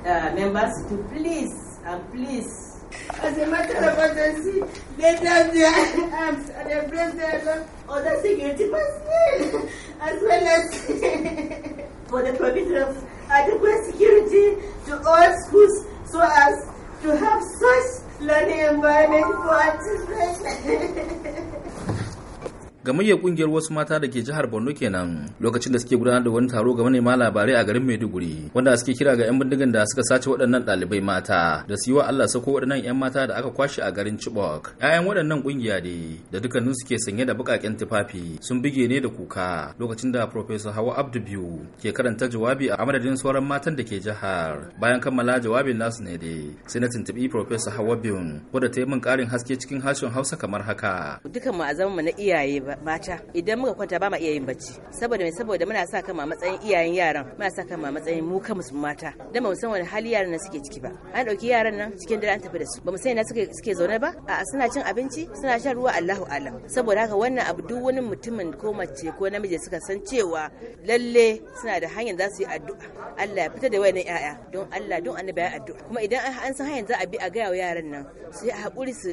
Uh, members to please and uh, please. As a matter of urgency, let down their arms and embrace their Lord or oh, the security personnel, as well as for the provision of adequate security to all schools so as to have such learning environment for children. gamayyar kungiyar wasu mata da ke jihar Borno kenan lokacin da suke gudanar da wani taro ga manema labarai a garin Maiduguri wanda suke kira ga 'yan bindigan da suka sace waɗannan ɗalibai mata da su yi wa Allah sako waɗannan 'yan mata da aka kwashe a garin Chibok. 'Ya'yan waɗannan kungiya ne da dukkanin suke sanye da baƙaƙen tufafi sun bige ne da kuka lokacin da Professor Hawa Abdu Biyu ke karanta jawabi a madadin sauran matan da ke jihar. Bayan kammala jawabin nasu ne dai sai na tuntuɓi Professor Hawa Biyu wadda ta yi min ƙarin haske cikin harshen Hausa kamar haka. Dukan mu a zama na iyaye ba mata idan muka kwanta ba ma iya yin bacci saboda mai saboda muna sa kama matsayin iyayen yaran muna sa kama matsayin mu kanmu mata dan ba mu san wani hali yaran nan suke ciki ba an dauki yaran nan cikin dare an tafi da su ba mu san ina suke suke zaune ba a suna cin abinci suna shan ruwa Allahu alam saboda haka wannan abu duk wani mutumin ko mace ko namiji suka san cewa lalle suna da hanyar za su yi addu'a Allah ya fita da wayannan yaya don Allah don annabi ya addu'a kuma idan an san hanyar za a bi a ga yaran nan su yi hakuri su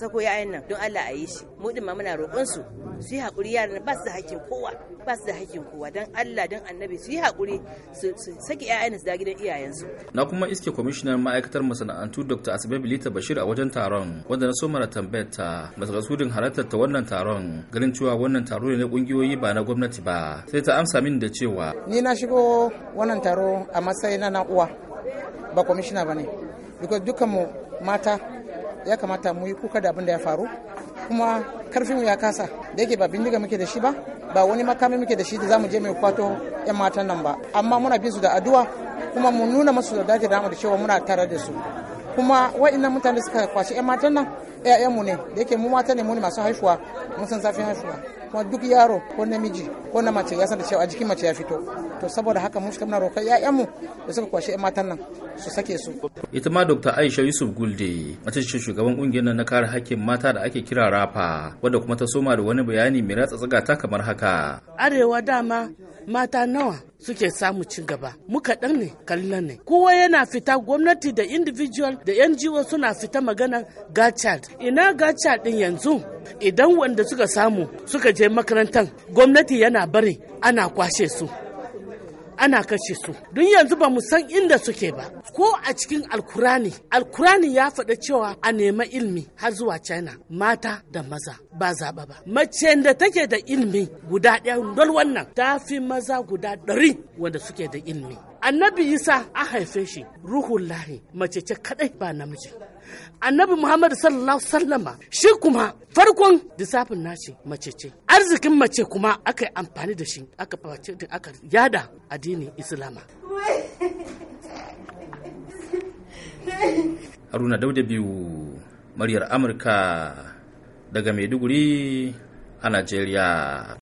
sako yayan nan don Allah a yi shi mu din ma muna roƙon su su su yi haƙuri yaran ba su da hakkin kowa ba su da hakkin kowa don Allah don annabi su yi haƙuri su saki ƴaƴan su da gidan iyayensu. Na kuma iske kwamishinan ma'aikatar masana'antu Dr. Asibe Bilita Bashir a wajen taron wanda na so mara tambayar ta sudin halartar ta wannan taron ganin cewa wannan taro ne na ƙungiyoyi ba na gwamnati ba sai ta amsa min da cewa. Ni na shigo wannan taro a matsayin na uwa ba kwamishina ba ne. dukkan mu mata ya kamata mu yi kuka da abin da ya faru kuma karfinmu ya kasa da yake ba bindiga muke da shi ba ba wani makami muke da shi da zamu je mai kwato yan matan nan ba amma muna bin su da addu'a kuma mu nuna masu da dace da mu da cewa muna tare da su kuma waɗannan mutane suka kwashi 'yan matan nan 'ya'yanmu ne da yake mu mata ne mu ne masu haihuwa mun san zafin haihuwa kuma duk yaro ko namiji ko na mace ya san da cewa a jikin mace ya fito to saboda haka mun shiga muna roƙar mu da suka kwashi 'yan matan nan su sake su. ita ma dr aisha yusuf gulde mace ce shugaban ƙungiyar nan na kare haƙƙin mata da ake kira rafa wadda kuma ta soma da wani bayani mai ratsa tsaga ta kamar haka. arewa dama mata nawa suke samu ci gaba mu kaɗan ne kallon ne kowa yana fita gwamnati da individual da ngo suna fita magana gachard ina gachard din yanzu idan wanda suka samu suka je makarantar gwamnati yana bari ana kwashe su ana kashe su don yanzu ba mu san inda suke ba ko a cikin alkurani alkurani ya faɗa cewa a nema ilmi har zuwa china mata da maza ba zaɓa ba mace da take da ilmi guda ɗaya don wannan ta fi maza guda ɗari wanda suke da ilmi annabi isa an haife shi ruhun lahi mace ce kadai ba namiji annabi muhammad sallallahu sallama shi kuma farkon lissafin nashi mace ce arzikin mace kuma aka yi amfani da shi aka aka yada addinin islama haruna dauda biyu muryar amurka daga maiduguri a najeriya